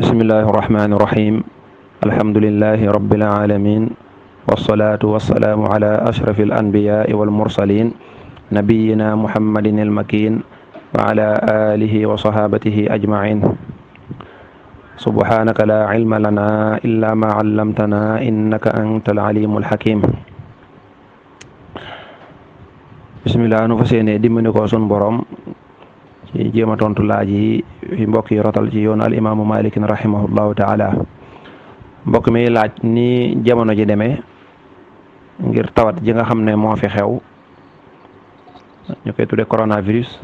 bismillahi irrahmani irrahim alhamdulilahi rabbil alamin wasalaatu wasalaamu ala ashrafi al anbiyaai wal mursalin nabiyina muhammadin al makin wa ala alihi wa sahabatihi ajmain subhanaka la ilma lana illa ma allamtana innaka anta al alimu al hakim bismillah nu fa seene dimbali ko sun borom ci jéem a tontu laaj yi mbokk yi rotal ci yoonu al imaamu malikin rahimahullahu taala mbokk mi laaj ni jamono ji demee ngir tawat ji nga xam ne moo fi xew ñu koy tuddee coronavirus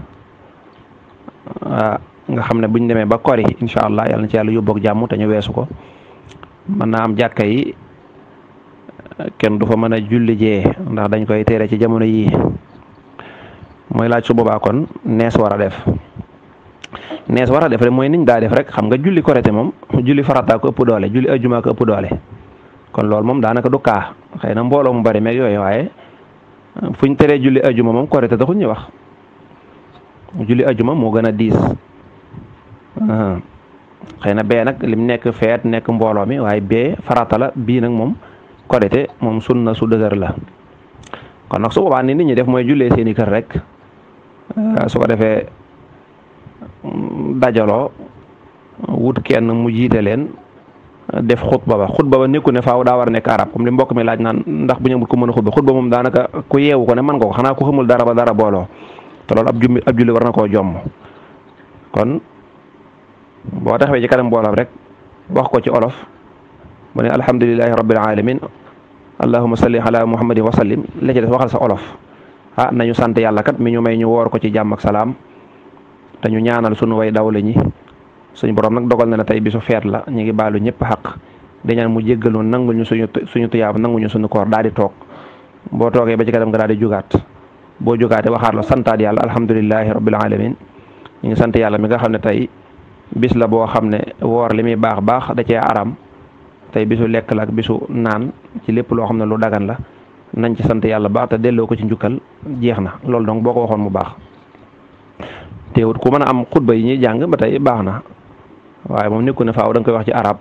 ah, nga xam ne buñ demee ba kori incha allah yal na ci yàlla yu jàmm te tañu weesu ko mën naa am jàkka yi kenn du fa mën a julli jee ndax dañ koy tere ci jamono yii mooy laaj su boobaa kon nees war a def nees war a def rek mooy niñ daa def rek xam nga julli korite moom julli farata ko ëpp doole julli ajuma ko ëpp doole kon loolu moom daanaka du kaa xëy na mbooloo mu bari meeg yooyu waaye fuñ teree julli ajuma moom korite taxuñ ñu wax julli ajuma moo gën a diis xëy na bee nag lim nekk feet nekk mbooloo mi waaye bee farata la bii nag moom korite moom sunna su dëgër la kon nag su boobaa ni nit ñi def mooy jullee seeni kër rek Euh, su ko defee dajaloo wut kenn mu jiite leen def xutba ba xutba ba nekku ne faaw daa war a nekk arab comme li mbokk mi laaj naan ndax bu ñu amul ko mën a xutba xutba moom daanaka ku yeewu ko ne man ko xanaa ku xamul dara ba dara booloo te loolu ab jumbi ab julli war na koo jomm kon boo taxawee ci kanam mboolam rek wax ko ci olof mu ne alhamdulilahi rabbil alamin allahuma salli ala muhammadin wa sallim la ci des waxal sa olof a nañu sant yàlla kat mi ñu may ñu woor ko ci jàmm ak salaam te ñu ñaanal sunu way dawle ñi suñu borom nag dogal na ne tey bisu feet la ñu ngi baalu ñëpp xaq di ñaan mu jéggalu nanguñu suñu suñu tuyaab nanguñu suñu koor daal di toog boo toogee ba ci kanam nga daal di jugaat boo jugaatee waxaat la santaat yàlla alhamdulilahi rabbil alamin ñu sant yàlla mi nga xam ne tey bis la boo xam ne woor li muy baax baax da cee aram tey bisu lekk la bisu naan ci lépp loo xam ne lu dagan la nañ ci sant yàlla baax te delloo ko ci njukkal jeex na loolu donc boo ko waxoon mu baax teewut ku mën a am xutba yi ñuy jàng ba tey baax na waaye moom nekku ne faaw da nga koy wax ci arab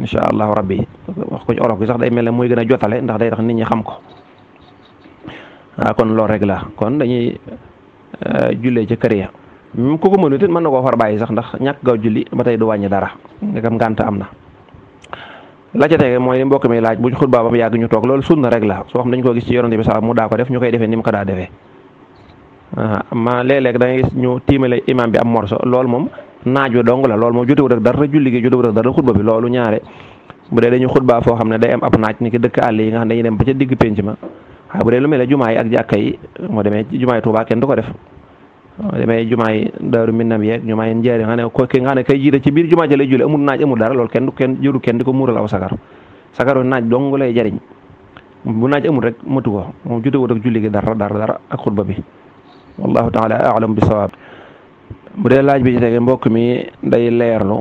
incha allahu rabbi wax ko ci olof gi sax day mel ne muy gën a jotale ndax day tax nit ñi xam ko ah kon loolu rek la kon dañuy euh, jullee ci kër ya ku ko mënut it mën na koo far bàyyi sax ndax ñàkk gaaw julli ba tay du wàññi dara nga xam ngànt am na. la ca tege mooy li mbokk mi laaj buñ xutbaa ba mu yàgg ñu toog loolu sunna rek la soo xam dañ ko gis ci yonante bi saa mu daa ko def ñu koy defee ni mu ko defee ah, ma da ngay gis ñu tiimale imam bi am morso loolu moom naaj wi dong la loolu moom jotewut ak dara julli gi jotewut ak dara xutba bi loolu ñaare bu dee dañu xutbaa foo xam ne day am ab naaj ni ki dëkk àll yi nga xam ne dañuy dem ba ca digg pénc ma waaye ah, bu dee lu mel ne jumaa yi ak jàkka yi moo demee jumaa yi Tuubaa kenn du ko def demee jumaay daaru min yeeg jumaay njeeri nga ne ko ne kay jiite ci biir jumaa ji lay julli amul naaj amul dara loolu kenn du kenn ko muural aw sagar sagaru naaj dong lay jariñ bu naaj amul rek matu ko moom jotewut ak julli dara dara dara ak xutba bi wallahu taala aalam bi sawaab bu dee laaj bi ci tege mbokk mi day leerlu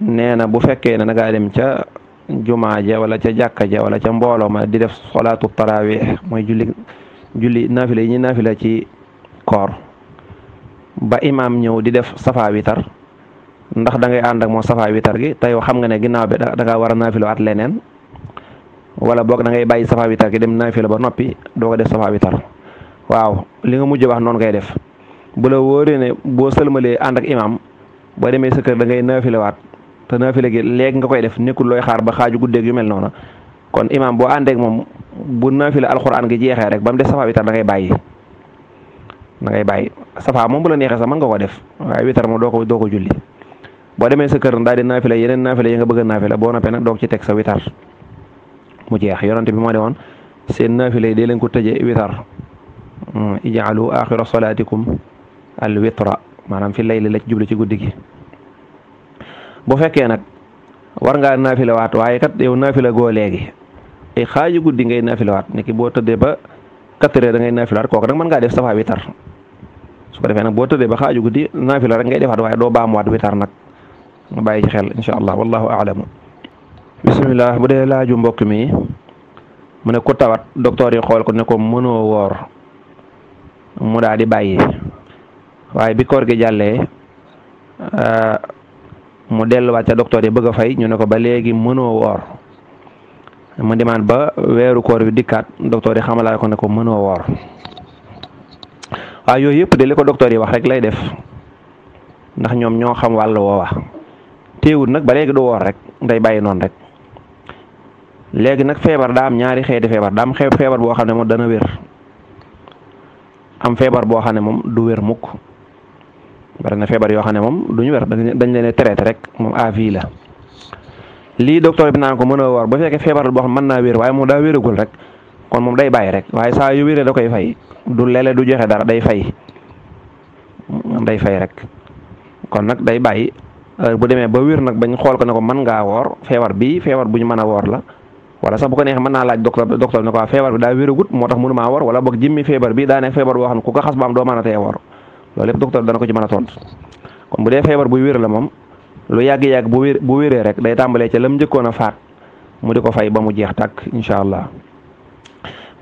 nee na bu fekkee ne dangaa dem ca jumaa ja wala ca jàkka ja wala ca mbooloo ma di def solaatu tarawih mooy julli julli naafila yi ñuy naafila ci koor ba imaam ñëw di def safa witar ndax da ngay ànd ak moom safa witar gi te yow xam nga ne ginnaaw bi da nga war a naafilu at leneen wala boog da ngay bàyyi safa witar gi dem naafilu ba noppi doo def safa witar waaw li nga mujj wax noonu ngay def bu la wóoree ne boo sëlmalee ànd ak imaam boo demee sa kër da ngay naafilewaat te naafile gi léegi nga koy def nekkul looy xaar ba xaaju guddeeg yu mel noonu kon imaam boo àndeek moom bu naafile alxuraan gi jeexee rek ba mu def safa witar da ngay bàyyi. da ngay bàyyi safa moom bu la neexee sax mën nga ko def waaye witar moom doo ko julli boo demee sa kër daal di naafila yeneen naafila yi nga bëgg a naafila boo noppee nag doog ci teg witar mu jeex yonante bi moo ne woon seen naafila yi ko tëje witar hmm, ijaalu axira salaatikum al witra maanaam fi layli la ci jublu ci guddi gi bu fekkee nag war ngaa naafila waat waaye kat yow naafila goo léegi ay xaaju guddi ngay naafila waat niki boo tëddee ba quatre heures da ngay naafilawaat kooku nag mën ngaa def safa witar su ko defee nag boo tëddee ba xaaju guddi naafila rek ngay defaat waaye doo baamuwaat witar nag nga bàyyi ci xel incha allah wallahu a'lam bisimilah bu dee laaju mbokk mi mu ne ku tawat docteur yi xool ko ne ko mënoo woor mu daal di bàyyi waaye bi koor gi jàllee euh, mu delluwaat ca docteur yi bëgg a fay ñu ne ko ba léegi mënoo woor mu demaat ba weeru koor wi dikkaat docteur yi xamalaat ko ne ko mënoo woor waaw yooyu yëpp de li ko docteur yi wax rek lay def ndax ñoom ñoo xam wàll woowa teewul nag ba léegi du woor rek day bàyyi noonu rek léegi nag feebar daa am ñaari xeeti feebar daa am xew feebar boo xam ne moom dana wér am boo xam ne moom du wér mukk bari na feebar yoo xam ne moom du ñu wér dañ leen traité rek moom à vie la lii docteur bi naan ko mën a woor ba fekkee feebar boo xam ne mën naa wér waaye moom daa wéragul rek kon moom day bàyyi rek waaye saa yu wéree da koy fay du lele du joxe dara day fay day fay rek kon nag day bàyyi euh, bu demee ba wér nag bañ xool ko ne ko mën ngaa woor feebar bii feebar bu ñu mën a woor la wala sax bu ko neexee mën naa laaj docteur docteur ne ko ah, feebar daa wéragut moo tax mënumaa woor wala boog jëmmi feebar bi daa nekk feebar boo ne ko xas ba am doo a tee woor loolu yëpp docteur dana ko ci mën a tontu kon bu dee feebar bu wér la moom lu yàgg-yàgg bu wér bu wéree rek day tàmbalee ca lam njëkkoon a faat mu di ko fay ba mu jeex takk incha allah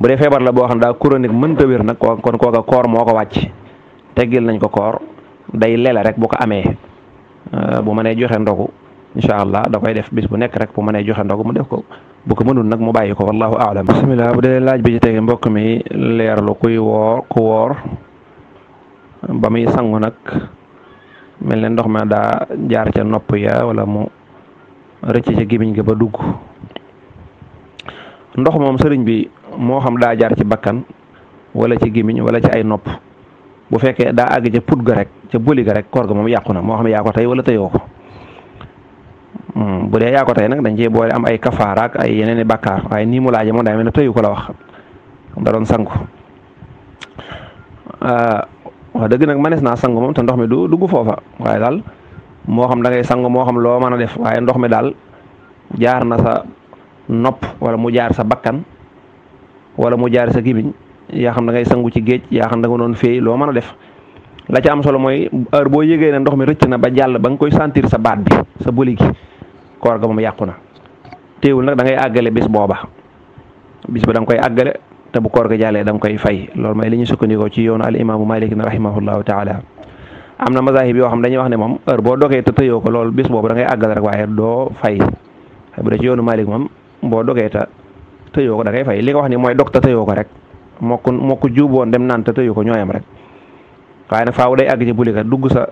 bu dee feebar la boo xam ne daa chronique mënta wér nag kon kooka koor moo ko wàcc teggil nañ ko koor day lele rek bu ko amee euh, bu mënee joxe ndoxu incha allah da koy def bis bu nekk rek bu mënee joxe ndogu mu def ko bu ko mënul nag mu bàyyi ko wallahu aalam bisimilah bu dee laaj bi ci tege mbokk mi leerlu kuy woor ku woor ba muy sangu nag mel ne ndox ma daa jaar ca nopp ya wala mu rëcc ca gémmiñ ga ba dugg ndox moom sëriñ bi moo xam daa jaar ci bakkan wala ci gémmiñ wala ci ay nopp bu fekkee daa àgg ca put ga rek ca bëli ga rek koor ga moom yàqu na moo xam yaa ko tey wala teyoo ko hmm, bu dee yaa ko nag dañ cee boole am ay kafaara i bakkaar waaye nii mu laajee moom daa mel ne ko la wax da ah, nag manees naa sangu moom te ndox mi du dugg foofa waaye daal moo xam da sangu moo xam loo mën def waaye ndox mi daal jaar na sa nopp wala mu jaar sa bakkan. wala mu jaar sa gibiñ yaa xam da ngay sangu ci géej yaa xam da nga doon féey loo mën a def la ca am solo mooy heure boo yëgee ne ndox mi rëcc na ba jàll ba nga koy sentir sa baat bi sa bëli gi koor ga moom yàqu na téewul nag da ngay àggale bis booba bis ba da nga koy te bu koor ga jàllee da nga fay loolu mooy li sukkandikoo ci yoonu al imaamu malik na rahimahullahu taala am na mazahib yoo xam dañuy wax ne moom heure boo dogee te tëyoo loolu bis boobu da ngay rek waaye doo fay bu dee ci yoonu malik moom boo dogee te tëyoo ko da fay li nga wax ni mooy dog ta tëyoo ko moo ko moo ko juuboon dem naan te ko ñooyam rek waaye nag faaw day àgg ci buli ka dugg sa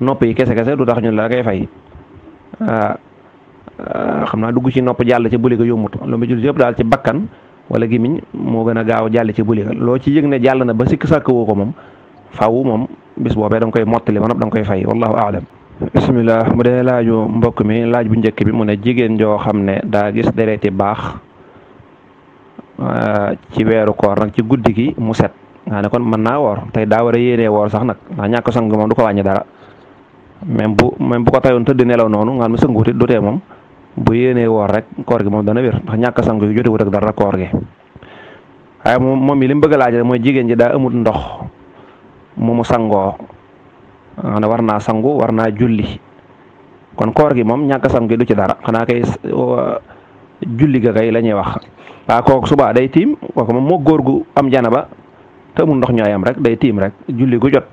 nopp yi kese kese du tax ñun la da ngay fay ah, xam naa dugg ci nopp jàll ci buli ka yombut lu mu jur yëpp daal ci bakkan wala gimiñ moo gën a gaaw jàll ci buli ka loo ci yëg ne jàll na ba sikk sàkk woo ko moom faaw moom bis boobee da koy mottali ba noppi da koy fay wallahu aalam bisimilah mu dee laaju mbokk mi laaj bu njëkk bi mu ne jigéen joo xam ne daa gis dereti baax Euh, ci weeru koor nag ci guddi gi mu set nga ne kon mën na woor tey daa war a yéenee woor sax nag ndax ñàkk sang moom du ko wàññi dara même bu même bu ko tayoon tëdd nelaw noonu nga xam ne sanguwuti du tee moom bu yéenee woor rek koor gi moom dana wér ndax ñàkk sang yu jotewut ak dara koor gi waaye moom bëgg laaj mooy jigéen ji daa amut ndox mu mu sangoo nga ne naa sangu war naa julli kon koor gi mom ñàkk sang gi du ci dara xanaa kay uh, julli ga kay la wax waaw kooku suba day tiim kooku moom moo góor gu am jana janaba te amul ndox ñooyam rek day tiim rek julli gu jot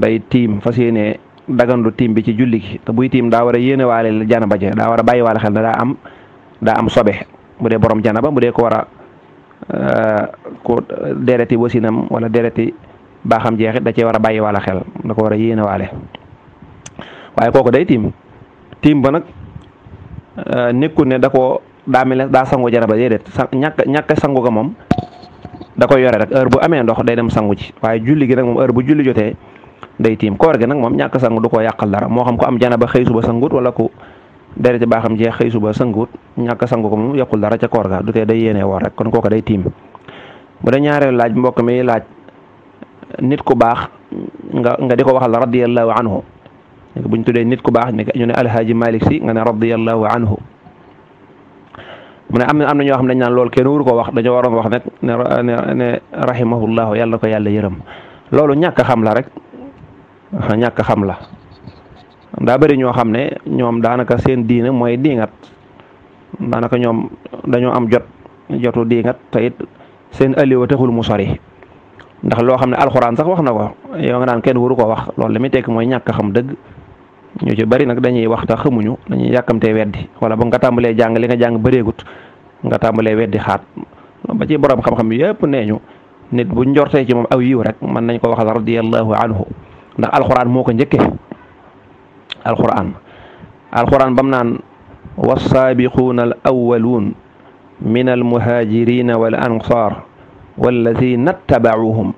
day tiim fas yéenee dagandu tiim bi ci julli gi te buy tiim daa war a yéene waale janaba ja daa war a bàyyi am daa am sobe bu dee borom janaba bu dee ko war a euh, ko dereti wasinam wala da cee war a bàyyi waale xel da ko war a yéene waale waaye kooku day tiim tiim ba nag euh, nekkul ne da ko daa mel ne daa sangu janaba déedéet sa ñàkk ñàkk sangu ga moom da koy yore rek heure bu amee ndox day dem sangu ci waaye julli gi nag moom heure bu julli jotee day tiim koor gi nag moom ñàkk sangu du ko yàqal dara moo xam ko am janaba xëy suba sangut wala ku deret ci baaxam jeex xëy suba sangut ñàkk sangu ko moom yàqul dara ca koor ga du tee da yéenee woor rek kon kooka day tiim bu da ñaareel laaj mbokk mi laaj nit ku baax nga nga di ko waxal radiyallahu anhu buñ tuddee nit ku baax ñu ne alhaaji malik si nga ne radiyallahu anhu mu ne am na am na ñoo xam ne dañ naan loolu kenn wuru ko wax dañoo waroon wax nag ne ne rahimahullahu yàlla ko yàlla yërëm loolu ñàkk xam la rek ñàkk xam la daa bari ñoo xam ne ñoom daanaka seen diine mooy diingat daanaka ñoom dañoo am jot jotu diingat te it seen aliwa mu sori ndax loo xam ne alxuraan sax wax na ko yow nga naan kenn waru ko wax lool li muy tekk mooy ñàkk xam dëgg ñu ci bari nag dañuy wax ta xamuñu dañuy yàkkamtee weddi wala ba nga tàmbalee jàng li nga jàng bëreegut nga tàmbalee weddi xaat ba ci borom xam-xam yëpp nee ñu nit bu njortee ci moom aw yiw rek mën nañ ko waxal radiyallahu anhu ndax alxuraan moo ko njëkkee alxuraan alxuraan bam naan والسابقون الأولون من المهاجرين والأنصار والذين اتبعوهم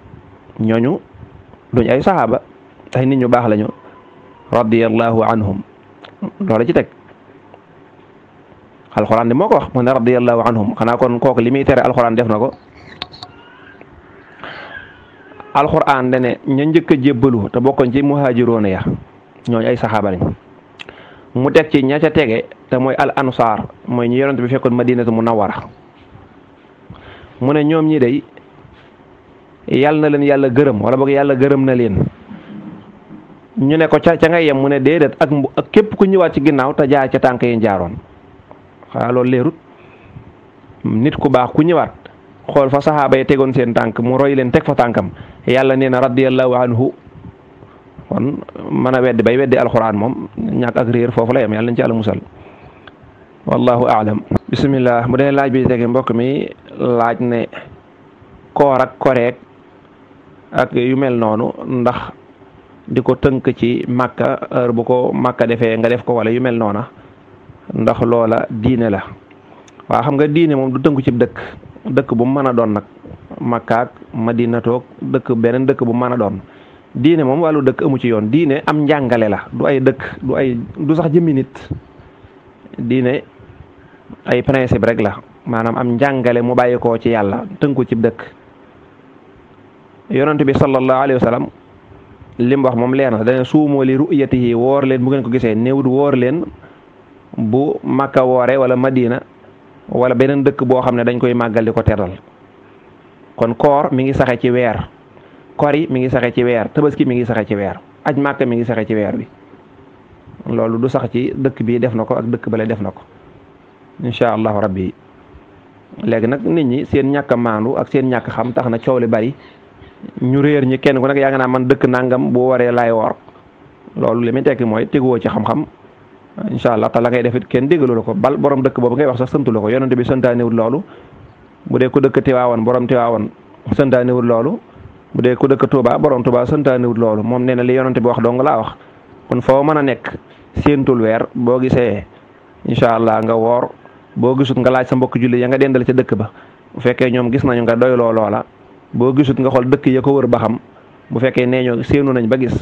ñooñu duñ ay saxaaba ay nit ñu baax lañu radiyallahu anhum loolu ci teg alxuraan di moo ko wax mu ne radiyallahu anhum xanaa kon kooku li muy tere alxuraan def na ko alxuraan da ne ña njëkk a jébbalu te bokkoon ci muhaajiroona ya ñooñu ay saxaaba mu teg ci ña ca tege te mooy al ansaar mooy ñu yonent bi fekkoon madinatu munawwara mu ne ñoom ñi day yal na leen yàlla gërëm wala boog yàlla gërëm na leen ñu ne ko ca ca ngay yem mu ne déedéet ak ak képp ku ñëwaat ci ginnaaw te jaar ca tànk yi jaaroon xanaa leerut nit ku baax ku ñëwaat xool fa saxaaba yi tegoon seen tànk mu roy leen teg fa tànkam yàlla nee na radiyallahu anhu kon mën a weddi bay weddi alxuraan moom ñàkk ak réer foofu la yem yàlla nañ ci àlla musal wallahu aalam bisimilah bu dee laaj bi tege mbokk mi laaj ne koor koreek ak yu mel noonu ndax di ko tënk ci màkka heure bu ko màkka defee nga def ko wala yu mel noona ndax loola diine la waa xam nga diine moom du tënku ci dëkk dëkk bu mën a doon nag màkkaak madina toog dëkk beneen dëkk bu mën a doon diine moom wàllu dëkk amu ci yoon diine am njàngale la du ay dëkk du ay du sax jëmmi nit diine ay principe rek la maanaam am njàngale mu bàyyi koo ci yàlla tënku ci dëkk yonent bi sallallahu alayhi wa lim wax moom leer na dana suumoo li yi woor leen bu ngeen ko gisee néewut woor leen bu Makka woore wala Madina wala beneen dëkk boo xam ne dañ koy màggal di ko teral kon koor mi ngi saxe ci weer kori mi ngi saxe ci weer tabaski mi ngi saxe ci weer aj Makka mi ngi saxe ci weer bi loolu du sax ci dëkk bii def na ko ak dëkk bale def na ko incha allahu rabbi léegi nag nit ñi seen ñàkk a maandu ak seen ñàkk xam tax na coow li bari ñu réer ñi kenn ku nekk yaa nga naa man dëkk nangam boo waree laay woor loolu li muy tekki mooy teguwoo ci xam-xam incha allah te la ngay def kenn déggalu la ko bal borom dëkk boobu ngay wax sax santu la ko yonent bi santaanewul loolu bu dee ku dëkk Tiwaawan borom Tiwaawan santaanewul loolu bu dee ku dëkk Touba borom Touba santaanewul loolu moom nee na li yonent bi wax dong laa wax kon foo mën a nekk séentul weer boo gisee incha allah nga woor boo gisut nga laaj sa mbokk julli ya nga dendal ca dëkk ba bu fekkee ñoom gis nañu nga doyloo loola boo gisut nga xool dëkk ya ko wër ba xam bu fekkee nee ñoo séenu nañ ba gis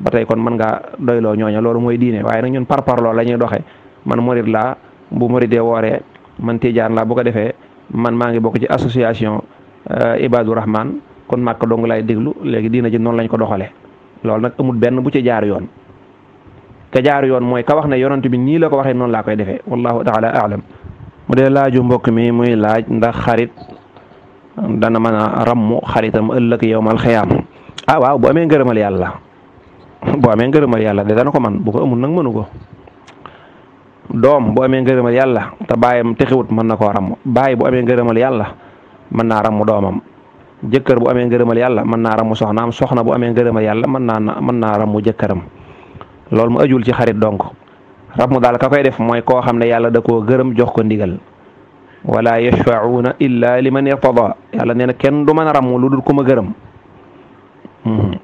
ba tey kon mën ngaa doyloo ñooña loolu mooy diine waaye nag ñun par parloo la ñuy doxee man murit laa bu muritee wooree man tijaan laa bu ko defee man maa ngi bokk ci association euh, Ibadu Rahman kon màkk dong laay déglu léegi diina ji noonu lañ ko doxalee loolu nag amul benn bu ci jaar yoon ka jaar yoon mooy ka wax ne yonent bi nii la ko waxee noonu laa koy defee wallahu taala aalam mu dee laaju mbokk mi muy laaj ndax xarit dana mën a rammu xaritam ëllëg yowmal xiyaam ah waaw bu amee ngërëmal yàlla bu amee ngërëmal yàlla de dana ko man bu ko amul ko doom bu amee ngërëmal yàlla te baayam texiwut mën na koo ramm baay bu amee ngërëmal yàlla mën naa ramm doomam jëkkër bu amee ngërëmal yàlla mën naa ramm soxnaam soxna bu amee ngërëmal yàlla mën naa mën naa ramm jëkkëram loolu mu ajul ci xarit donc ramm daal ka koy def mooy koo xam ne yàlla da koo gërëm jox ko ndigal wala yashfa'una illa liman irtada yàlla nee na kenn du mën a ramm lu dul ku ma gërëm mhm.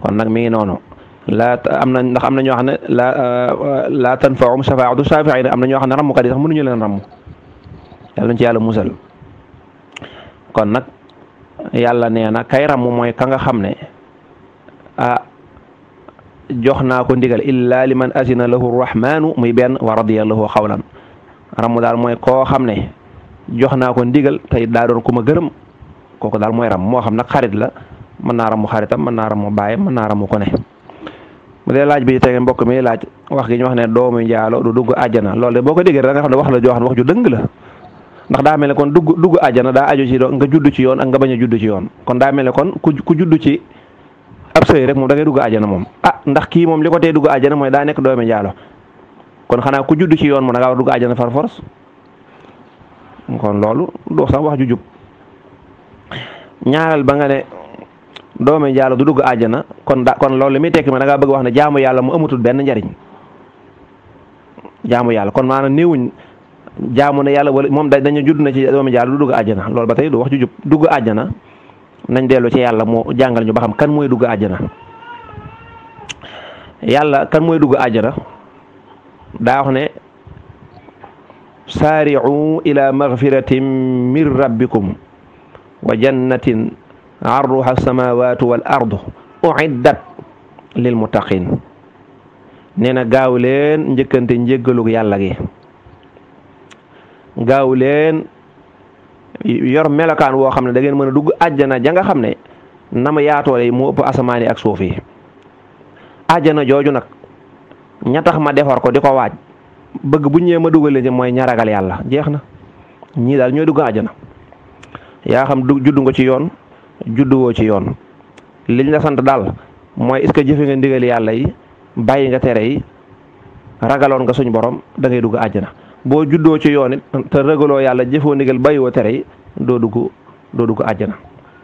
kon nag mi ngi noonu laa am na ndax na ñoo xam ne la euh, laa tanfa'um shafaa'atu shaafi'iin am na ñoo xam ne rammukat yi sax mënuñu leen ramm yàlla nañ ci yàlla musal kon nag yàlla nee na kay ramm mooy ka nga xam ne a jox naa ko ndigal illa liman azina lahu rahmaanu muy benn wa radiya lahu xawlan ramm daal mooy koo xam ne jox naa ko ndigal tey daa doon ku ma gërëm kooku daal mooy ram moo xam nag xarit la mën naa ramu xaritam mën naa ramu baayam mën naa ramu ko ne bu dee laaj bi tege mbokk mi laaj wax gi ñu wax ne doomu njaalo du dugg àjjana loolu de boo ko déggee da nga xam ne wax la joo xam wax ju dëng la ndax daa mel ne kon dugg dugg àjjana daa ajo ci nga judd ci yoon a nga bañ a judd ci yoon kon daa mel ne kon ku judd ci ab sëy rek moom da ngay dugg àjjana moom ah ndax kii moom li ko tee dugg àjjana mooy daa nekk doomu kon xanaa ku judd ci yoon mu da ngaa war dugg àjjana far force kon loolu doo wax ju jub ñaareel ba nga ne doomi jaalo du dugg àjjana kon da kon loolu li muy tekki ma da bëgg wax ne jaamu yàlla mu amatul benn njariñ jaamu yàlla kon maanaam néewuñ jaamu ne yàlla wala moom dañu judd na ci doomi dugg àjjana loolu ba tey du wax ju jub dugg àjjana nañ dellu ci yàlla moo jàngal ñu ba kan mooy dugg àjjana yàlla kan mooy dugg àjjana daa wax ne saari'u ila magfiratin min rabbikum wa jannatin arduha alsamawatu wal ardu uiddat lil muttaqin nee na gaaw leen njëkkante njëggalug yàlla gi gaaw yor melokaan woo xam ne da ngeen mën a dugg àjjana ja nga xam ne na ma yaatoole yi mu ëpp ak suuf yi àjjana jooju nag ña tax ma defar ko di ko waaj bëgg bu ñëwee ma dugalee ci mooy ña ragal yàlla jeex na ñii daal ñooy dugg àjjana yaa xam du juddu nga ci yoon judduwoo ci yoon liñ la sant daal mooy est-ce que jëfe nga ndigal yàlla yi bàyyi nga tere yi ragaloon nga suñ borom da ngay dugg àjjana boo juddoo ci yoon it te ragaloo yàlla jëfoo ndigal bàyyiwoo tere yi doo dugg doo dugg àjjana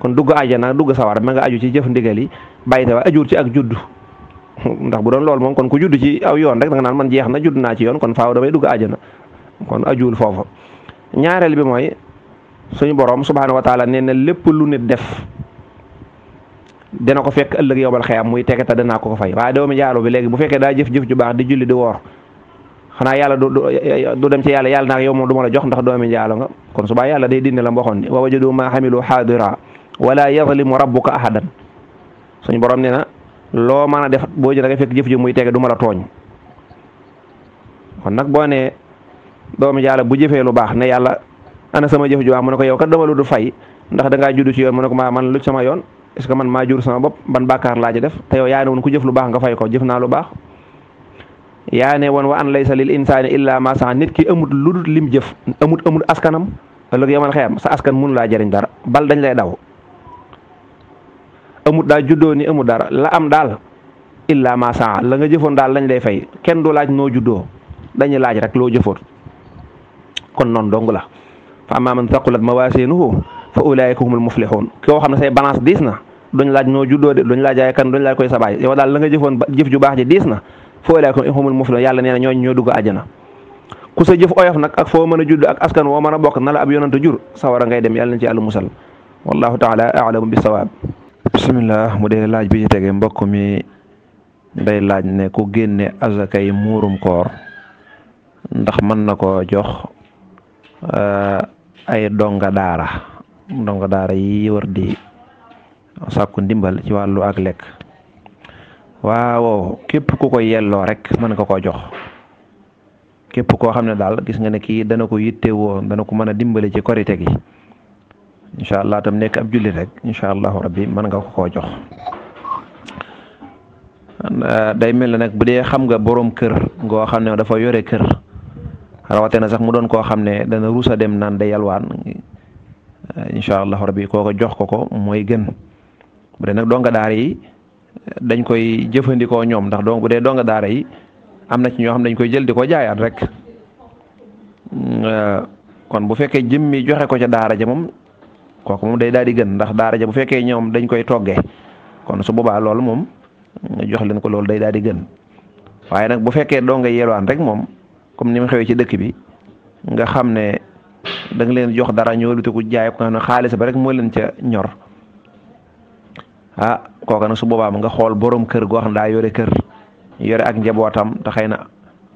kon dugg àjjana dugg sawar ma nga aju ci jëf ndigal yi bàyyi te waa ajuur ci ak juddu ndax bu doon loolu moom kon ku judd ci aw yoon rek da nga naan man jeex na judd naa ci yoon kon faaw damay dugg àjjana kon a ajuwul foofa ñaareel bi mooy suñu borom subhaanahu wa taala nee na lépp lu nit def dina ko fekk ëllëg yowbal xeyam muy tegeta danaa ko ko fay waaye doomi jaalo bi léegi bu fekkee daa jëf-jëf ju baax di julli di woor xanaa yàlla du du dem ci yàlla yàlla naag yow moom du la jox ndax doomi jaalo nga kon subaa yàlla day dindi la mboxoon ni wa wajadu ma xamilu xaadira wala yazlimu rabbuka ahadan suñu borom nee na loo mën a def boo jëlee da ngay fekk jëf muy tege du mala la tooñ kon nag boo nee doomu yàlla bu jëfee lu baax ne yàlla ana sama jëf ju baax mu ne ko yow kat dama lu du fay ndax dangaa judd ci yoon mu ne ko maa man lu sama yoon est-ce que man maa jur sama bopp ban bàkkaar laa def te yow yaa ne woon ku jëf lu baax nga fay ko jëf naa lu baax yaa ne woon wa an sa lil insaani illa ma saa nit ki amut lu dul lim jëf amut amut askanam ëllëg yow man xeyam sa askan mënu laa jëriñ dara bal dañ lay daw amut daal juddoo ni amut dara la am daal illa ma saa la nga jëfoon daal lañ lay fay kenn du laaj noo juddoo dañuy laaj rek loo jëfoon kon noon dong la fa amma man thaqulat mawasinuhu fa ulaika humul muflihun koo xam ne say balance diis na duñ laaj noo juddoo de duñ laaj ay kan duñ laaj koy sabaay yow daal la nga jëfoon jëf ju baax ji diis na fa ulaika humul muflihun yàlla nee na ñooñu ñoo dugg àjjana ku sa jëf oyof nag ak foo mën a judd ak askan woo mën a bokk na la ab yonant jur sawara ngay dem yàlla na ci àllu musal wallahu taala alamu bisawaab bisimilah mu de laaj bi ci tege mbokk mi day laaj ne ku génne azakay murum koor ndax mën na ko jox eh, ay donga daara donga daara yi war di sàkku ndimbal ci wàllu ak lekk waaw képp ku ko yelloo rek mën nga ko jox képp koo xam ne daal gis nga ne kii dana ko yittewoo dana ko mën a dimbale ci korite gi incha allah tam nekk ab jullit rek incha allahu rabbi mën nga ko koo jox euh, day mel ne nag bu dee xam nga borom kër ngoo xam ne dafa yore kër rawate sax mu doon koo xam ne dana rusa dem naan day yalwaan euh, incha allahu rabbi kooko jox ko ko mooy gën bu dee nag donga daara yi euh, dañ koy jëfandikoo ñoom ndax donc bu dee donga daara yi am na ci ñoo xam dañ koy jël di ko jaayaat rek mmh, kon bu fekkee mi joxe ko ca daara ja moom kooku moom day daal di gën ndax daara ja bu fekkee ñoom dañ koy toggee kon su boobaa loolu moom nga jox leen ko loolu day daal di gën waaye nag bu fekkee doo nga yelwaan rek moom comme ni mu xewee ci dëkk bi nga xam ne da leen jox dara ñoo lutiku jaay ko nga xam ba rek moo leen ca ñor ah kooka nag su boobaa nga xool borom kër goo xam ne daa yore kër yore ak njabootam te xëy na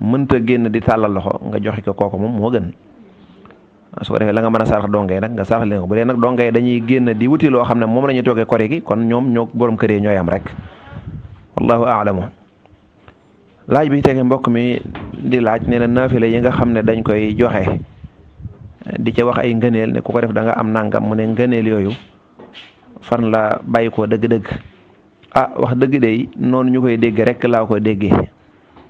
mënta génn di tàllal loxo nga joxe ko kooku moom moo gën. su ko defee la nga mën a sarax donge yi nag nga sarax leen ko bu dee nag donge yi dañuy génn di wuti loo xam ne moom la ñuy toogee kori gi kon ñoom ñoo borom kër yi ñooy am rek wallahu aalamu laaj bi tege mbokk mi di laaj nee na naafile yi nga xam ne dañ koy joxe di ca wax ay ngëneel ne ku ko def danga nga am nangam mu ne ngëneel yooyu fan la bàyyi ko dëgg-dëgg ah wax dëgg de noonu ñu koy dégg rek laa ko déggee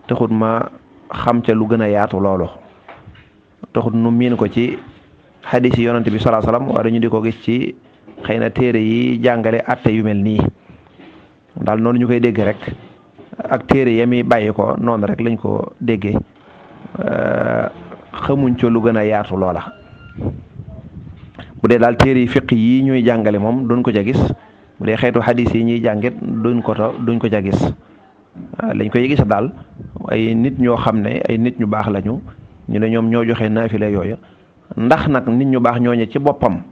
taxut ma xam ca lu gën a yaatu loolu taxut xadis yi yonante bi salaa salaam waaye ñu di ko gis ci xëy na téere yi jàngale atte yu mel nii daal noonu ñu koy dégg rek ak téere ya mi bàyyi ko noonu rek lañ ko déggee euh, xamuñ co lu gën a yaatu loola bu dee daal téere yi fiq yi ñuy jàngale moom duñ ko ca gis bu dee xeetu xadis yi ñuy jàngit duñ ko to duñ ko ca gis euh, lañ koy gis daal ay nit ñoo xam ne ay nit ñu baax lañu ñu ne ñoom ñoo joxe naafile yooyu ndax nag nit ñu baax ñooñu ci boppam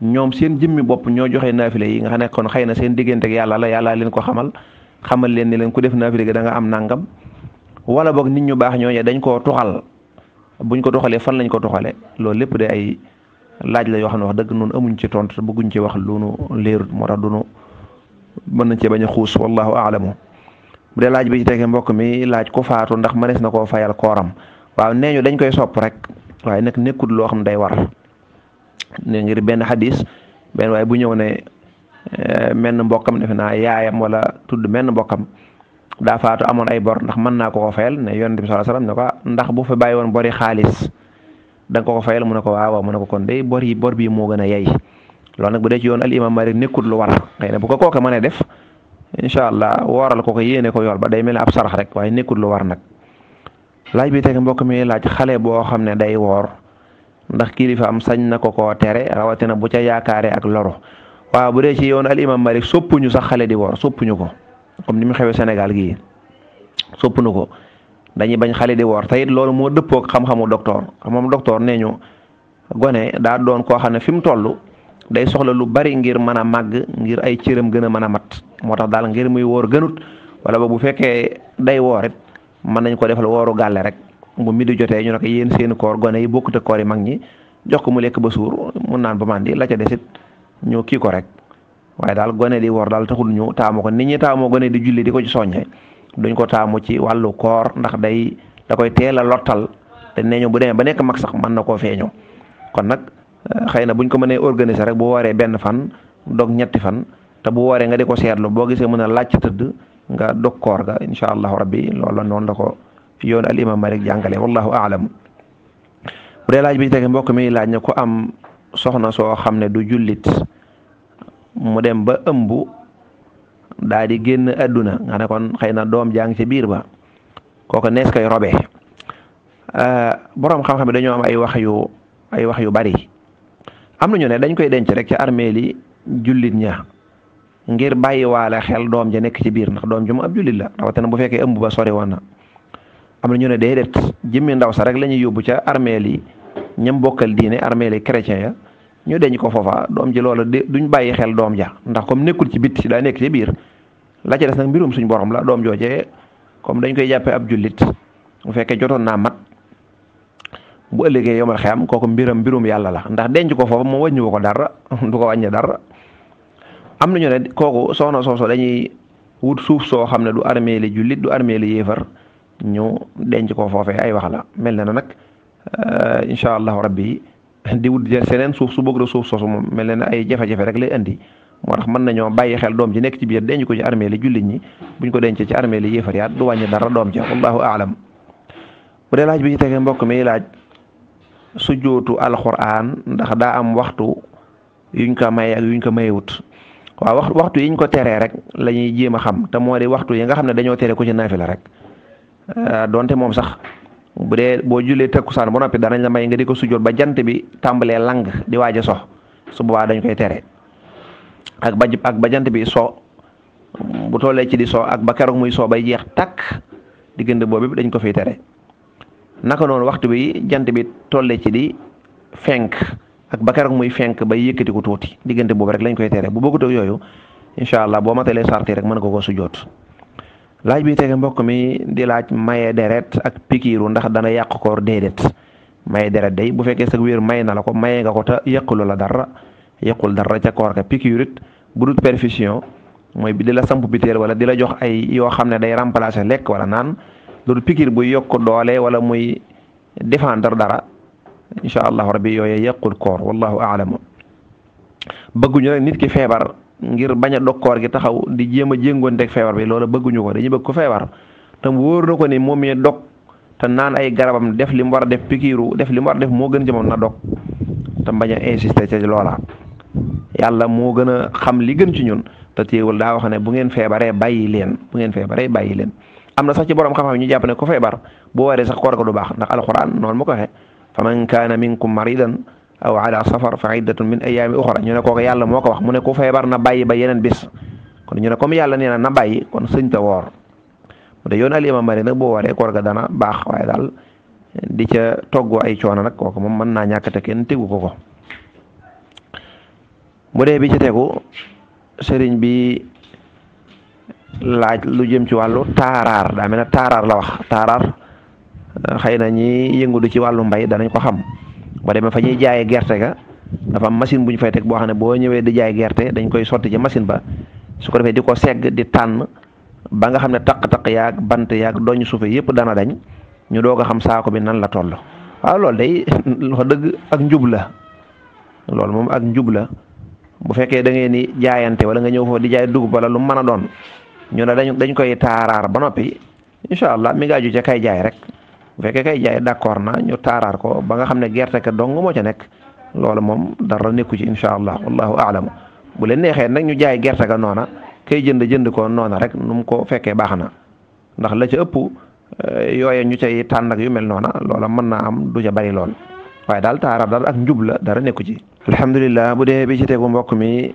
ñoom seen jëmmi bopp ñoo joxe naafile yi nga xam ne xëy na seen diggante yàlla la yàlla leen ko xamal xamal leen ni leen ku def naafile gi danga am nangam wala boog nit ñu baax ñooñu dañ koo tuxal buñ ko tuxalee fan lañ ko tuxalee loolu lépp de ay laaj la yoo xam ne wax dëgg noonu amuñ ci tontu bëgguñ ci wax lu nu leerut moo tax du nu mën nañ cee bañ a xuus wallahu aalamu bu dee laaj bi ci tege mbokk mi laaj ko faatu ndax mënees na koo fayal kooram waaw nee ñu dañ koy rek. waaye nag nekkul loo xam day war ne ngir benn xadis benn waaye bu ñëw ne eh, menn mbokkam defe naa yaayam wala tudd menn mbokkam daa faatu amoon ay bor ndax mën naa ko fayal ne yonent bi sallallahu alayhi wasallam ne ko ah, ndax bo fa bàyyi woon bori xaalis da nga ko ko fayal mu ne ko waaw mu ne ko kon day bor yi bor bii moo gën a yey loolu nag bu dee ci yoon al imam Malik nekkul lu war xëy na bu ko kooke mën def incha allah wooral ko ko yéene ko yor ba day mel ab sarax rek waaye nekkul lu war nag. laaj bi teg mbokk mi laaj xale boo xam ne day woor ndax kilifa am sañ na ko koo tere rawatina bu ca yaakaare ak loru waaw bu dee ci yoon al imam malik soppuñu sax xale di woor soppuñu ko comme ni mu xewee Sénégal gii soppuñu ko dañuy bañ xale di woor te it loolu moo dëppook xam-xamu docteur xam-xamu docteur nee ñu gone daa doon koo xam ne fi mu toll day soxla lu bari ngir mën a màgg ngir ay cëram gën a mën a mat moo tax daal ngir muy woor gënut wala ba bu fekkee day woor mën nañ ko defal wooru gàlle rek mi di jotee ñu ne ko yéen seen koor gone yi bokkut ak koor yi mag ñi jox ko mu lekk ba suur mun naan ba màndi la ca desit ñu kii ko rek waaye daal gone di woor daal taxul ñu taamu ko nit ñi taamoo gone di julli di ko ci soññe duñ ko taamu ci wàllu koor ndax day da koy teel a lottal te nee ñu bu demee ba nekk mag sax mën na koo feeñoo kon nag eh, xëy na buñ ko mënee organiser rek bu waree benn fan dog ñetti fan te bu wooree nga di ko seetlu boo gisee mën a laaj tëdd nga dog koor ga incha allahu rabbi loola noonu la ko yoon al imam malik jàngale wallahu alam bu dee laaj bi ci mbokk mi laaj na ko am soxna soo xam ne du julit mu dem ba ëmb daa di génn adduna nga ne kon xëy na doom jàng ci biir ba kooku nees kay robe euh, boroom xam-xam dañoo am ay wax yu ay wax yu bari am nañu ne dañ koy denc rek ca armeel julit ña ngir bàyyiwaale xel doom ja nekk ci biir ndax doom ji mu ab jullit la rawatina bu fekkee bu ba sori woon na am na ñu ne déedéet jëmmi ndaw sax rek la ñuy yóbbu ca armeel yi ñam bokkal diine armeel yi chrétien ya ñu deñ ko foofa doom ji loola duñ bàyyi xel doom ja ndax comme nekkul ci bit ci daa nekk ci biir la ca des nag mbirum suñ borom la doom joojee comme dañ koy jàppee ab jullit bu fekkee jotoon naa mat bu ëllëgee yomal xeyam kooku mbiram mbirum yàlla la ndax denc ko foofa moom ko dara ko wàññi dara am na nañu ne kooku soxna sooso dañuy wut suuf soo xam ne du armée li jullit du armée li yéefar ñu denc ko foofee ay wax la mel na ne nag euh, incha allahu rabbi di wut seneen suuf su bëgg la suuf soosu moom mel na ne ay jafe-jafe rek lay indi moo tax mën nañoo bàyyi xel doom ji nekk ci biir denc ko ci armée li jullit ñi buñ ko dencee ci armée li yéefar yaat du wàññi dara doom ji wallahu aalam bu dee laaj bi ci tegee mbokk mi laaj sujjootu alquran ndax daa am waxtu yuñ ko may ak yuñ ko mayewut waaw wax waxtu yiñ ko teree rek lañuy ñuy jéem a xam te moo di waxtu yi nga xam ne dañoo tere ku ci naafila rek euh, donte moom sax bu dee boo jullee takkusaan ba noppi danañ la may nga di ko sujjoot ba jant bi tàmbalee lang di waaj a sox su boobaa dañ koy tere ak ba ak jant bi soo bu tollee ci di soo ak ba keroog muy soo bay jeex takk diggante boobu dañ ko fiy tere naka noonu waxtu bi jant bi tollee ci di fenk. ak ba keroog muy fenk ba yëkkati ko tuuti diggante boobu rek lañ koy teere bu bëggut yooyu incha allah boo matalee sarti rek mën ko ko sujjoot laaj bi tege mbokk mi di laaj maye deret ak pikiiru ndax dana yàq koor déedéet maye deret day bu fekkee sa wér may na la ko maye nga ko te yàqulu la dara yequl dara ca koor ka pikiir it bu dul perfusion mooy di la samp biteel wala di la jox ay yoo xam ne day remplacer lekk wala naan loolu pikiir buy yokk doole wala muy défendre dara. incha allahu rabbi yooye yàqul koor wallahu aalamu bëgguñu rek nit ki feebar ngir bañ a dog koor gi taxaw di jéem a jéngoon teg feebar bi loola bëgguñu ko dañuy bëgg ko feebar tam wóor na ko ni moom mi dog te naan ay garabam def li mu war a def pikiiru def li def moo gën jëmoon na dog te bañ a insister ca loola yàlla moo gën a xam li gën ci ñun te téewul daa wax ne bu ngeen feebaree bàyyi leen bu ngeen feebaree bàyyi leen am na sax ci borom xam-xam ñu jàpp ne ku feebar boo waree sax koor ko du baax ndax alxuraan noonu ma ko waxee fa man kaana minkum maridan aw ala safar fa iddatun min ayaami uxra ñu ne kooku yàlla moo ko wax mu ne ku feebar na bàyyi ba yeneen bis kon ñu ne comme yàlla nee na na bàyyi kon sëñ ta woor mu de yoon al imam mari boo waree koor ga dana baax waaye daal eh, di ca togg ay coona nag kooku moom mën naa ñàkk kenn tegu ko ko mu dee bi ci sëriñ bi laaj lu jëm ci wàllu taaraar daa mel ne taaraar la wax taaraar xëy na ñi yëngudu ci wàllu mbay danañ ko xam ba demee fa ñuy hmm. jaayee gerte ga dafa am machine bu ñu fay teg boo xam ne boo ñëwee di jaay gerte dañ koy sotti ci machine ba su ko defee di ko segg di tànn ba nga xam ne taq-taq yaag bant yaag doñ suufe yëpp dana dañ ñu doog a xam saako bi nan la toll waaw loolu day wax dëgg ak njub la loolu moom ak njub la bu fekkee da ngeen ni jaayante wala nga ñëw foofu di jaay dugub wala lu mën a doon ñu ne dañ dañ koy taaraar ba noppi incha allah mi ngi aju ca kay jaay rek bu fekkee kay jaay d'accord na ñu taaraar ko ba nga xam ne gerte ka dong moo ca nekk loolu moom dara nekku ci incha allah wallahu a'lam bu leen neexee nag ñu jaay gerte ga noona kay jënd jënd ko noona rek nu mu ko fekkee baax na ndax la ca ëpp eh, yooye ñu cay tànn ak yu mel noona loola mën naa am du ca bari lool waaye daal taaraab daal ak njub la dara nekku ci alhamdulilah bu dee bi ci tegu mbokk mi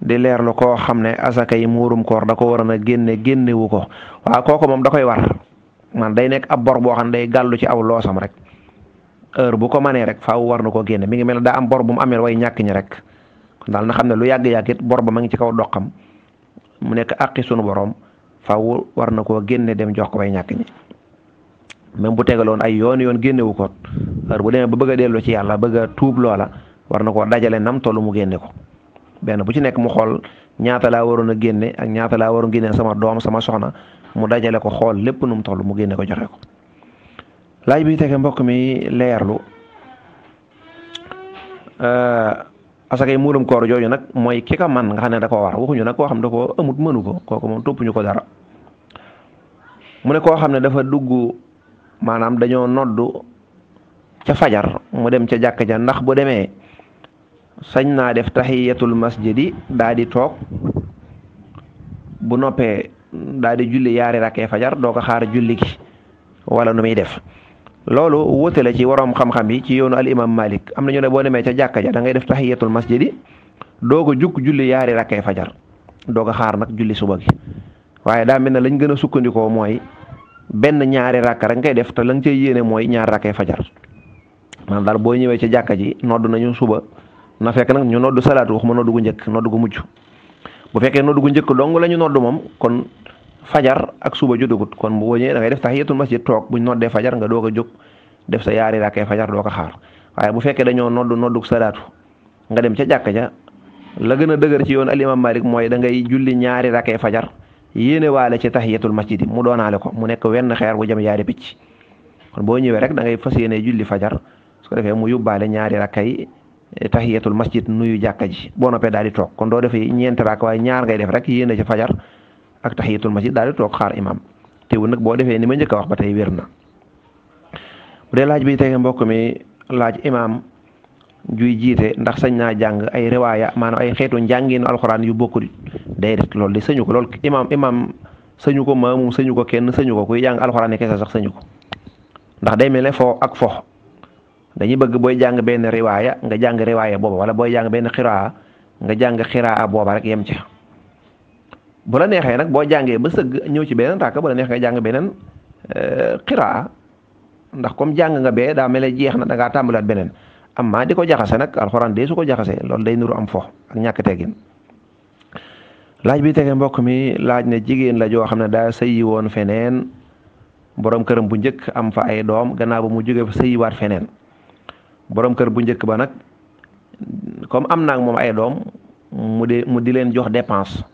di leerlu koo xam ne asaka yi muurum koor da ko war a génnewu ko waaw kooku moom da koy war man day nekk ab bor boo xam ne day gàllu ci aw loosam rek heure bu ko manee rek faw war na koo génne mi ngi mel daa am bor bu mu amee way ñàkk ñi rek kon daal na xam ne lu yàgg-yàgg it bor ma ngi ci kaw doxam mu nekk àqi sunu borom faaw war na koo génne dem jox ko way ñàkk ñi même bu tegaloon ay yoon yoon génnewu ko heure bu demee ba bëgg a dellu ci yàlla bëgg a tuub loola war na koo dajale nam tollu mu génne ko benn bu ci nekk mu xool ñaata laa waroon a génne ak ñaata laa waroon génne sama doom sama soxna mu dajale ko xool lépp nu mu toll mu génne ko joxe ko laaj bi tege mbokk mi leerlu euh, asaka yi muulum koor jooju nag mooy ki ka man nga xam ne da koo war waxuñu nag koo xam da koo amut mënu ko kooku moom toppuñu ko dara mu ne koo xam ne dafa dugg maanaam dañoo noddu ca fajar mu dem ca jàkk ja ndax bo demee sañ naa def tahiyatul masjidi daa di toog bu noppee daal di julli yaari rakkee fajar doo ko xaar julli gi wala nu muy def loolu wute ci waroom xam-xam yi ci yoonu al malik am na ñu ne boo demee ca jàkka ja da ngay def tahiyatul masjidi doo ko jukk julli yaari rakkee fajar doo ko xaar nag julli suba gi waaye daa mel ne lañ gën a sukkandikoo mooy benn ñaari rakka rek ngay def te la nga cay mooy ñaar rakkee fajar maanaam daal boo ñëwee ca jàkka ji nodd nañu suba na fekk nag ñu noddu salaatu wax ma noddu gu njëkk noddu gu mujj bu fekkee nodd gu njëkk dong la ñu nodd moom kon fajar ak suba jotagut kon bu wëñee da ngay def tahiyatul masjid toog buñ noddee fajar nga doog jóg def sa yaari rakkee fajar doo ko xaar waaye bu fekkee dañoo noddu noddug salaatu nga dem ca jàkk ja la gën a dëgër ci yoon al malik mooy da ngay julli ñaari rakkee fajar yéene waale ci tahiyatul masjid mu doonaale ko mu nekk wenn xeer bu jëm yaari picc kon boo ñëwee rek dangay ngay fas yéene julli fajar su ko defee mu yóbbaale ñaari rakkay tax tahiyatul masjid nuyu jàkka ji boo daal di toog kon doo defee ñeenti raak waaye ñaar ngay def rek yéene ci fajar ak tax tahiyatul masjid daal di toog xaar imam teewul nag boo defee ni ma njëkk a wax ba tey wér na laaj bi tege mbokk mi laaj imam juy jiite ndax sañ naa jàng ay riwaaya maanaam ay xeetu njànginu alxuraan yu bokkul day def loolu di sañu ko loolu imam imam sañu ko maamum sañu ko kenn sañu ko kuy jàng alxuraan yi kese sax sañu ko ndax day mel ne foo ak fo dañuy bëgg booy jàng benn riwaaya nga jàng riwaaya booba wala booy jàng benn xiraa nga jàng xiraa booba rek yem ca bu la neexee nag boo jàngee ba sëgg ñëw ci beneen ràkk bu neexee jàng beneen euh, xiraa ndax comme jàng nga bee daa mel ne jeex na da ngaa tàmbalaat beneen amma di ko jaxase nag alxuraan dee su ko jaxase loolu day nuru am fo ak ñàkk teggin laaj bi tege mbokk mi laaj ne jigéen la joo xam ne daal sëyi woon feneen borom këram bu njëkk am fa ay doom gannaaw ba mu jóge fa sëyiwaat feneen borom kër bu njëkk ba nag comme am naa moom ay doom mu de mu di leen jox dépense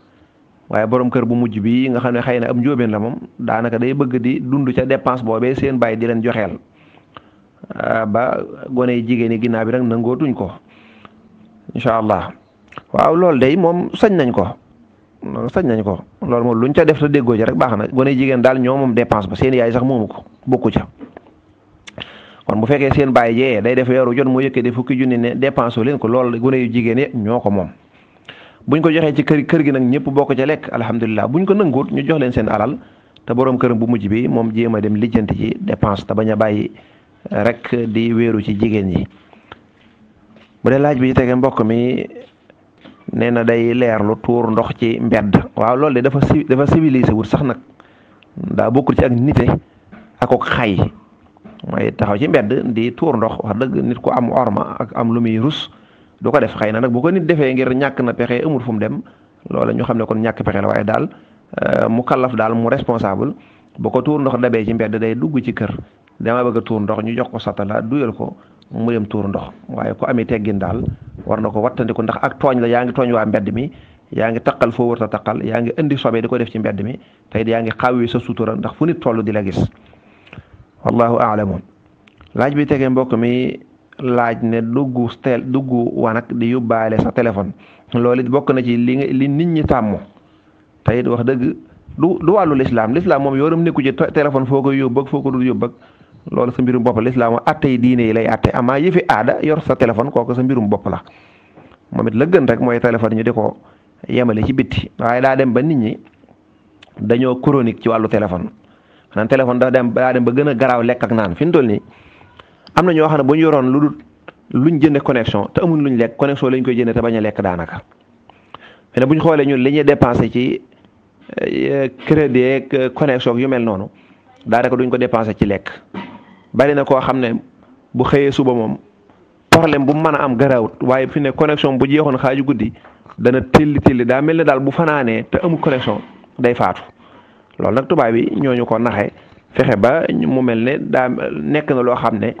waaye borom kër bu mujj bi nga xam ne xëy na am njóobeen la moom daanaka day bëgg di dund ca dépense boobee seen bàyyi di leen joxeel ah, ba gone yi jigéen yi ginnaaw bi nag nangootuñ ko incha allah waaw loolu day moom sañ nañ ko sañ nañ ko loolu moom luñ ca def te déggoo ci rek baax na gone yi jigéen daal ñoo moom dépense ba seen yaay sax moomu ko bokku ca kon bu fekkee seen bàyyi jee day def weeru jot mu yëkkati fukki junni ne dépense leen ko loolu gune yu jigéen yëpp ñoo ko moom bu ñu ko joxee ci kër kër gi nag ñëpp bokk ca lekk alhamdulilah buñ ko nanguut ñu jox leen seen alal te borom këram bu mujj bi moom jéem a dem lijjanti ci dépense te bañ a bàyyi eh, rek di wéeru ci jigéen ñi bu dee laaj bi ci tege mbokk mi nee na day leerlu tuur ndox ci mbedd waaw loolu de dafa dafa civilisé wut sax nag daa bokkul ci ak nite ak ak mooy taxaw ci mbedd di tuur ndox wax dëgg nit ku am orma ak am lu muy rus du ko def xay na nag bu ko nit defee ngir ñàkk na pexe amul fu mu dem loola ñu xam ne kon ñàkk pexe la waaye daal euh, mu kallaf daal mu responsable boo ko tuur ndox dabee ci mbedd day dugg ci kër dama bëgg tuur ndox ñu jox ko satala duyal ko mu dem tuur ndox waaye ku amee teggin daal war na ko wattandiku ndax ak tooñ la yaa ngi tooñ waa mbedd mi yaa ngi taqal foofu wërta taqal yaa ngi indi sobe di ko def ci mbedd mi tey yaa ngi xawwi sa sutura ndax fu nit toll di la gis wallahu aalamu laaj bi tegee mbokk mi laaj ne dugg stel dugg wanag di yóbbaale sa téléphone loolu bokk na ci li li nit ñi tàmm te it wax dëgg du du wàllu lislaam lislaam moom yoonam nekku ci téléphone foo koy yóbbu ak foo ko dul yóbbu ak loolu sa mbirum bopp lislaam atte yi diine yi lay atte amaa yëfi yor sa téléphone kooku sa mbirum bopp la moom it la gën rek mooy téléphone ñu di ko yemale ci bitti waaye daa dem ba nit ñi dañoo chronique ci wàllu téléphone naan téléphone dafa dem daa dem ba gën a garaaw lekk ak naan fi mu nii am na ñoo xam ne bu ñu yoroon lu dul luñ jënd connexion te amuñ luñ lekk connexion lañ koy jënd te a lekk daanaka. mais bu ñu xoolee ñun li ñuy dépensé ci euh, crédit euh, ak yu mel noonu daanaka duñ ko dépensé ci lekk bari na koo xam ne bu xëyee suba moom problème bu mu mën a am garaawut waaye fi ne connexion bu jeexoon xaaju guddi dana tilli tilli daa mel ne daal bu fanaanee te amul connexion day faatu. loolu nag tubaab yi ñooñu ko naxe fexe ba mu mel ne daa nekk na loo xam ne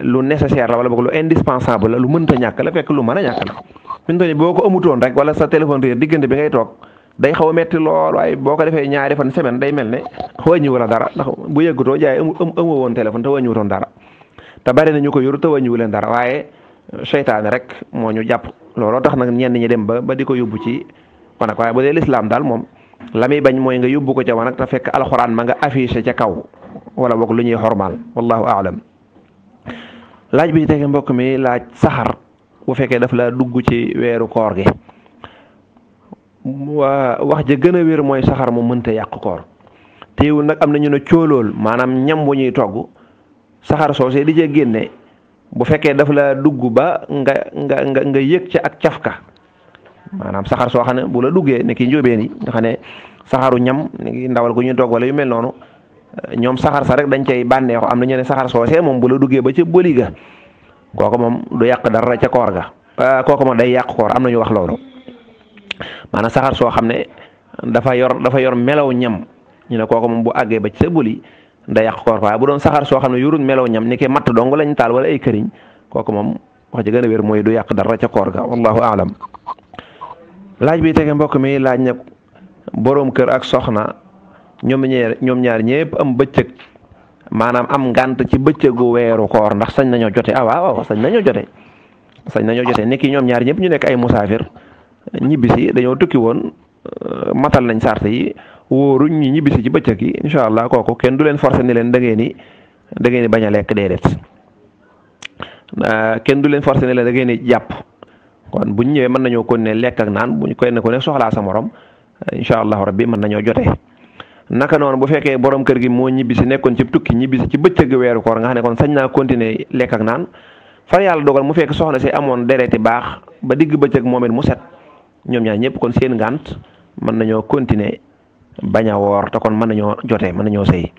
lu nécessaire la wala boog lu indispensable la lu mënta ñàkk la fekk lu mën a ñàkk la fi mu boo ko amutoon wala sa téléphone réer bi ngay toog day xaw a metti lool waaye boo ko defee ñaari fan semaine day mel ne wàññiwu la dara ndax bu yëggatoo jaay amu amu woon téléphone te wàññiwutoon dara te bari na ñu ko yoru te wàññiwu leen dara waaye seytaane rek moo ñu jàpp looloo tax nag ñenn ñi dem ba ba di ko yóbbu ci kon nag waaye bu dee lislaam daal moom la bañ mooy nga yóbbu ko ca wa nag fekk alxuraan ma nga sa ca kaw wala boog lu ñuy xormaal wallahu aalam laaj bi ci tege mbokk mi laaj saxaar bu fekkee daf la dugg ci weeru koor gi waa wax ja gën a wér mooy saxar mu mënta yàq koor teewul nag am na ñu maanaam ñam bu ñuy togg saxar soosee di ca génne bu fekkee daf la dugg ba nga nga nga nga yëg ca ak cafka maanaam saxaar soo xam ne bu la duggee ne ki njóobeen yi nga ne saxaaru ñam ndawal gu ñu dog yu mel noonu eh, ñoom saxaar sa rek dañ cay bànneexu am na ñu ne saxaar soosee moom bu la duggee ba ca bëli ga kooku moom du yàq dara ca koor ga eh, kooku moom day yàq koor am na ñu wax loolu maanaam saxaar soo xam ne dafa yor dafa yor melaw ñam ñu ne kooku moom bu àggee ba ca bëli day yàq koor waaye bu doon saxaar soo xam ne yorul melaw ñam ni ki matt dong lañ taal wala ay këriñ kooku moom wax ji gën a wér mooy du yàq dara ca koor ga wallahu aalam laaj bi tege mbokk mi laaj na boroom kër ak soxna ñoom ñaar ñoom ñaar ñëpp am bëccëg maanaam am ngant ci bëccëgu weeru koor ndax sañ nañoo jote ah waaw sañ nañoo jote sañ nañoo jote nekki ñoom ñaar ñëpp ñu nekk ay musaafir ñibbisi dañoo tukki woon euh, matal nañ sart yi wóoruñ ñi ñibbisi ci bëccëg yi incha allah kooku kenn du leen forcé ni leen da ngeen ni da ngeen ni lekk déedéet euh, kenn du leen forcé ni leen da jàpp. kon bu ñu ñëwee mën nañoo kon ne lekk ak naan bu ñu koy ne ko ne soxlaa sa morom incha allahu rabbi mën nañoo jote naka noonu bu fekkee borom kër gi moo ñibbisi nekkoon ci tukki ñibbisi ci bëccëg weeru nga xam ne kon sañ naa continuer lekk ak naan far yàlla dogal mu fekk soxna si amoon dereeti baax ba digg bëccëg moom it mu set ñoom ñaar ñëpp kon seen ngant mën nañoo continuer bañ a woor te kon mën nañoo jotee mën nañoo sëy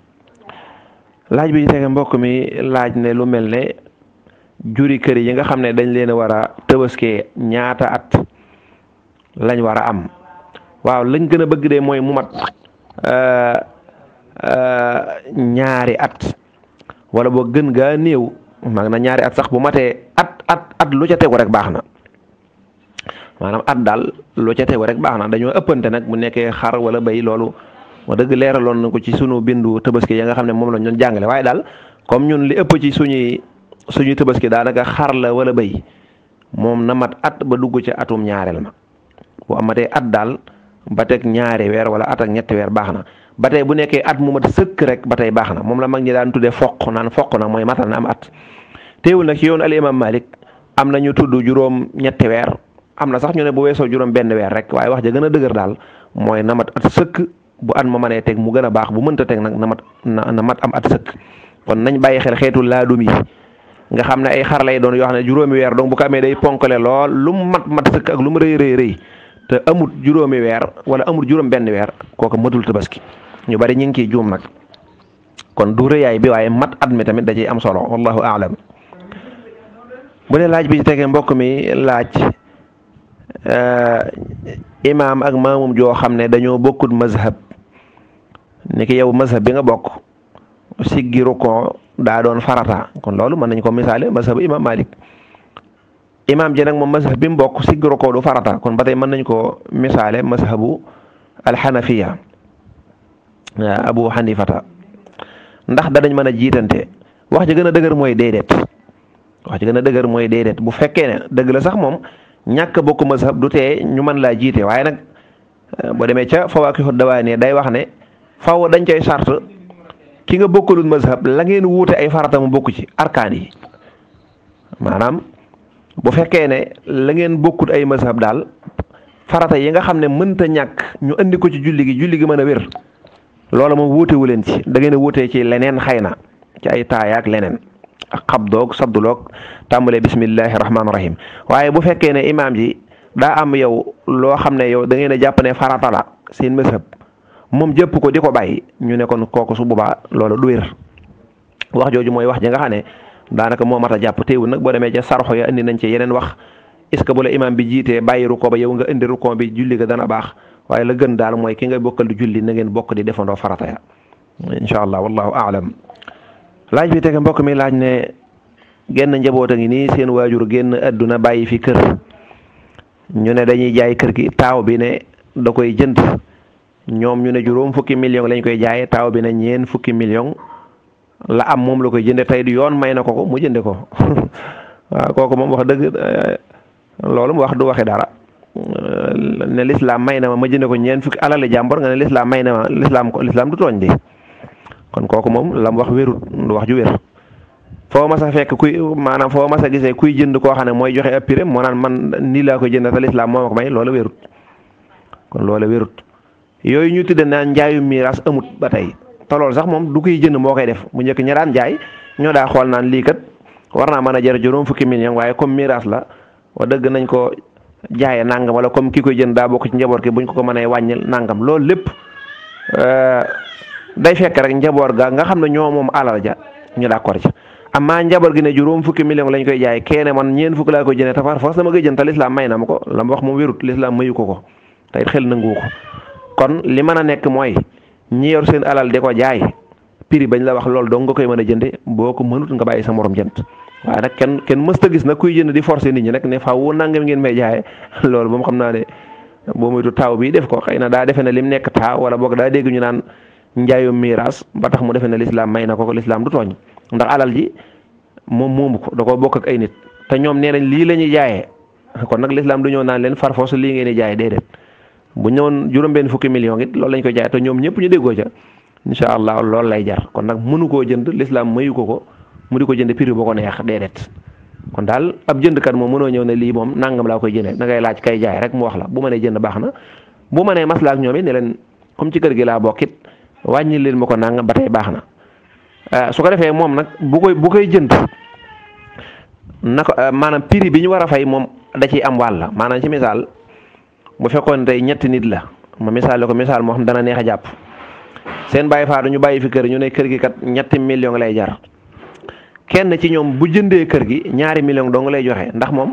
laaj bi ñu tege mbokk mi laaj ne lu mel ne juri kër yi nga xam ne dañ leen a war a tëbaskee ñaata at lañ war a am waaw lañ gën a bëgg de mooy mu mat euh, euh, ñaari at wala boo gën gaa néew mag na ñaari at sax bu matee at at at lu ca tegu rek baax na maanaam at daal lu ca tegu baax na dañoo ëppante nag bu nekkee xar wala bay loolu wax dëgg leeraloon na ko ci sunu bindu tabaski ya nga xam ne moom lañ doon jàngale waaye daal comme ñun li ëpp ci suñuy suñu tabaski daanaka xar la wala béy moom na mat at ba dugg ci atum ñaareel ma bu amatee at daal ba teg ñaari weer wala at ak ñetti weer baax na ba tey bu nekkee at mu mat sëkk rek ba tey baax na moom la mag ñi daan tuddee foq naan foq na mooy matal am at teewul nag ci yoon al imam Malik am na ñu tudd juróom weer am na sax ñu ne bu weesoo juróom benn weer rek waaye wax ja gën a dëgër daal mooy na mat sëkk bu at ma mënee teg mu gën a baax bu mënta teg nag na mat na mat am at sëkk kon nañ bàyyi xel xeetu laadum yi nga xam ne ay xar lay doon yoo xam ne juróomi weer donc bu ko amee day ponkale lool lu mu mat mat sëkk ak lu mu rëy rëy rëy te amut juróomi weer wala amut juróom benn weer kooku matul tabaski ñu bari ñu ngi ciy juum nag kon du bi waaye mat at mi tamit da ciy am solo wallahu aalam bu dee laaj bi ci tegee mbokk mi laaj eh, imaam ak maamum joo xam ne dañoo bokkut mazhab ni ki yow mazhab bi nga bokk siggi rukon daa doon farata kon loolu mën nañ ko misaale mazhab imam malik imam ji nag moom mazhab bi mu bokk si rukoo du farata kon ba tey mën nañ ko misaale mazhabu alxanafiya abu xanifata ndax dañ mën a jiitante wax ji gën dëgër mooy déedéet wax ji gën a mooy déedéet bu fekkee ne dëgg la sax moom ñàkk bokk mazhab du tee ñu mën laa jiite waaye nag eh, boo demee ca fawaakihu dawaani day wax ne faw dañ cay sart ki nga bokkalul mazhab la ngeen wuute ay farata mu bokk ci arkaan yi maanaam bu fekkee ne la ngeen bokkut ay mazhab daal farata yi nga xam ne mënta ñàkk ñu indi ko ci julli gi julli gi mën a wér loola moom wuutewu leen ci da ngeen a wuutee ci leneen xay na ci ay taayaak leneen ak xabdoog sabduloog tàmbalee bismillahi rahmaani rahim waaye bu fekkee ne imaam ji daa am yow loo xam ne yow da ngeen a jàpp ne farata la seen mazhab moom jëpp ko di ko bàyyi ñu ne kon kooku su boobaa loolu du wér wax jooju mooy wax ji nga xam ne daanaka moo mat a jàpp teewul nag boo demee ca sarxo ya indi nañ ci yeneen wax est ce que bu la imaam bi jiitee bàyyi ruko ba yow nga indi ruko bi julli ga dana baax waaye la gën daal mooy ki nga bokkal di julli na ngeen bokk di defandoo farata ya incha allah wallahu aalam laaj bi tege mbokk mi laaj ne genn njaboot a ngi nii seen waajur génn adduna bàyyi fi kër ñu ne dañuy jaay kër gi taaw bi ne da koy jënd ñoom ñu ne juróom fukki million lañ koy jaayee taaw bi na ñeen fukki million la am moom la koy jënde tey du yoon may na ko ko mu jënde ko kooku moom wax dëgg euh, mu wax du waxe dara euh, ne lislaam may na ma ma ko ñeen fukki alale jàmbor nga ne lislaam may na ma lislaam ko lislaam du tooñ di kon kooku moom la mu wax wérut du wax ju wér foo ma sa fekk kuy maanaam foo ma sa gisee kuy jënd koo xam ne mooy joxe ab prix moo naan man nii laa ko jënd te lislaam moo ma may loola wérut kon loola wérut yooyu ñu tudde naan njaayu miiras amut ba tey te loolu sax moom du koy jënd moo koy def mu njëkk ña daan jaay ñoo daa xool naan liikat war naa mën a jar juróom fukki million waaye comme miiras la dëgg nañ ko jaaye nangam wala comme ki koy jënd daa bokk ci njaboot ki buñ ko ko mënee wàññil nangam loolu lépp euh, day fekk rek njaboot ga nga xam ne ñoo moom alal ja ñu d'accord ci amma njaboot gi ne juróom fukki million lañ koy jaay keene man ñeen fukk laa koy jëndee te far fas dama koy jënd may na ma ko la ma wax moom wérut lislaam mayu ko ko te xel na nangu ko kon li mën a nekk mooy ñi yor seen alal di ko jaay prix bañ la wax loolu dong nga koy mën a jënde boo ko mënut nga bàyyi sa morom jënd waaye nag kenn kenn mësta gis nag kuy jënd di forcer nit ñi nag ne faaw nangam ngeen may jaaye loolu moom xam naa ne boo moytu taaw bi def ko xëy na daa defe ne lim nekk taaw wala boog daa dégg ñu naan njaayum miiras ba tax mu defe ne lislaam may na ko ko lislaam du tooñ ndax alal ji moom moomu ko da koo bokk ay nit te ñoom nee nañ lii la ñuy jaayee kon nag lislaam du ñëw naan leen farfoos lii ngeen di jaayee déedéet bu ñëwoon juróom-benn fukki million it loolu lañ ko jaay te ñoom ñëpp ñu déggoo ca incha allah loolu lay jar kon nag mënu koo jënd lislaam mayu ko ko mu di ko jënd prix boo ko neex déedéet kon daal ab jënd kat moom mënoo ñëw ne lii moom nangam laa koy jëndee da ngay laaj kay jaay rek mu wax la bu ma nee jënd baax na bu ma nee maslaa ak ñoom it ne leen comme ci kër gi laa bokkit wàññi leen ma ko nangam ba tey baax na euh, su ko defee moom nag bu koy bu koy na euh, maanaam prix bi ñu war a fay moom da am wàll maanaam ci misaal bu fekkoon tey ñetti nit la ma misaale ko misaal moo xam dana neex a jàpp seen bàyyi faatu ñu bàyyi fi kër ñu ne kër gi kat ñetti million lay jar kenn ci ñoom bu jëndee kër gi ñaari million dong lay joxe ndax moom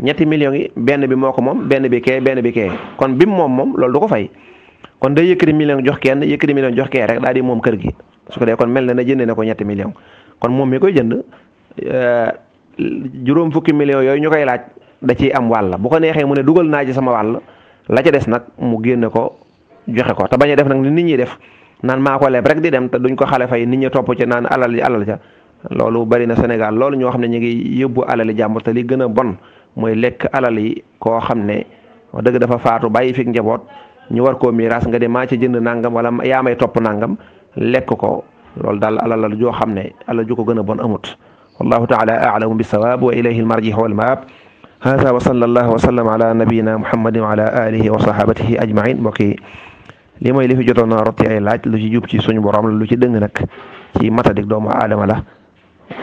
ñetti million yi benn bi moo ko moom benn bi kee benn bi kee kon bim moom moom loolu du ko fay kon day yëkkati million jox kenn yëkkati million jox kee rek daal di moom kër gi su ko kon mel na ne jëndee na ko ñetti million kon moom mi koy jënd euh, juróom fukki million yooyu ñu koy laaj da ciy am wàll bu ko neexee mu ne dugal naa ci sama wàll la ca des nag mu génne ko joxe ko te bañ a def nag ni nit ñi def naan maa ko leb rek di dem te duñ ko xale fay nit ñi topp ci naan alal ji alal ja loolu bari na Sénégal loolu ñoo xam ne ñu ngi yóbbu alali jàmbur li gën a bon mooy lekk alal yi koo xam ne wax dëgg dafa faatu bàyyi fi njaboot ñu war koo miiras nga de maa ci jënd nangam wala yaa may topp nangam lekk ko loolu daal alal joo xam ne alal ju ko gën a bon amut wallahu taala aalamu bi sawaab wa ilayhi almarji wal maab hada wa sallallahu wa sallam ala nabiyina muhammadin wa ala alihi wa sahabatihi ajmain mbokk yi li mooy li fi jotoon na rotti ay laaj lu ci jub ci suñu borom la lu ci dëng nag ci matadik doomu aadama la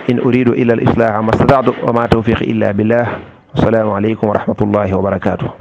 in uridu illa al islaaha ma stataatu wa ma tawfiqi illa billah assalaamu aleykum wa rahmatullahi wa barakatuh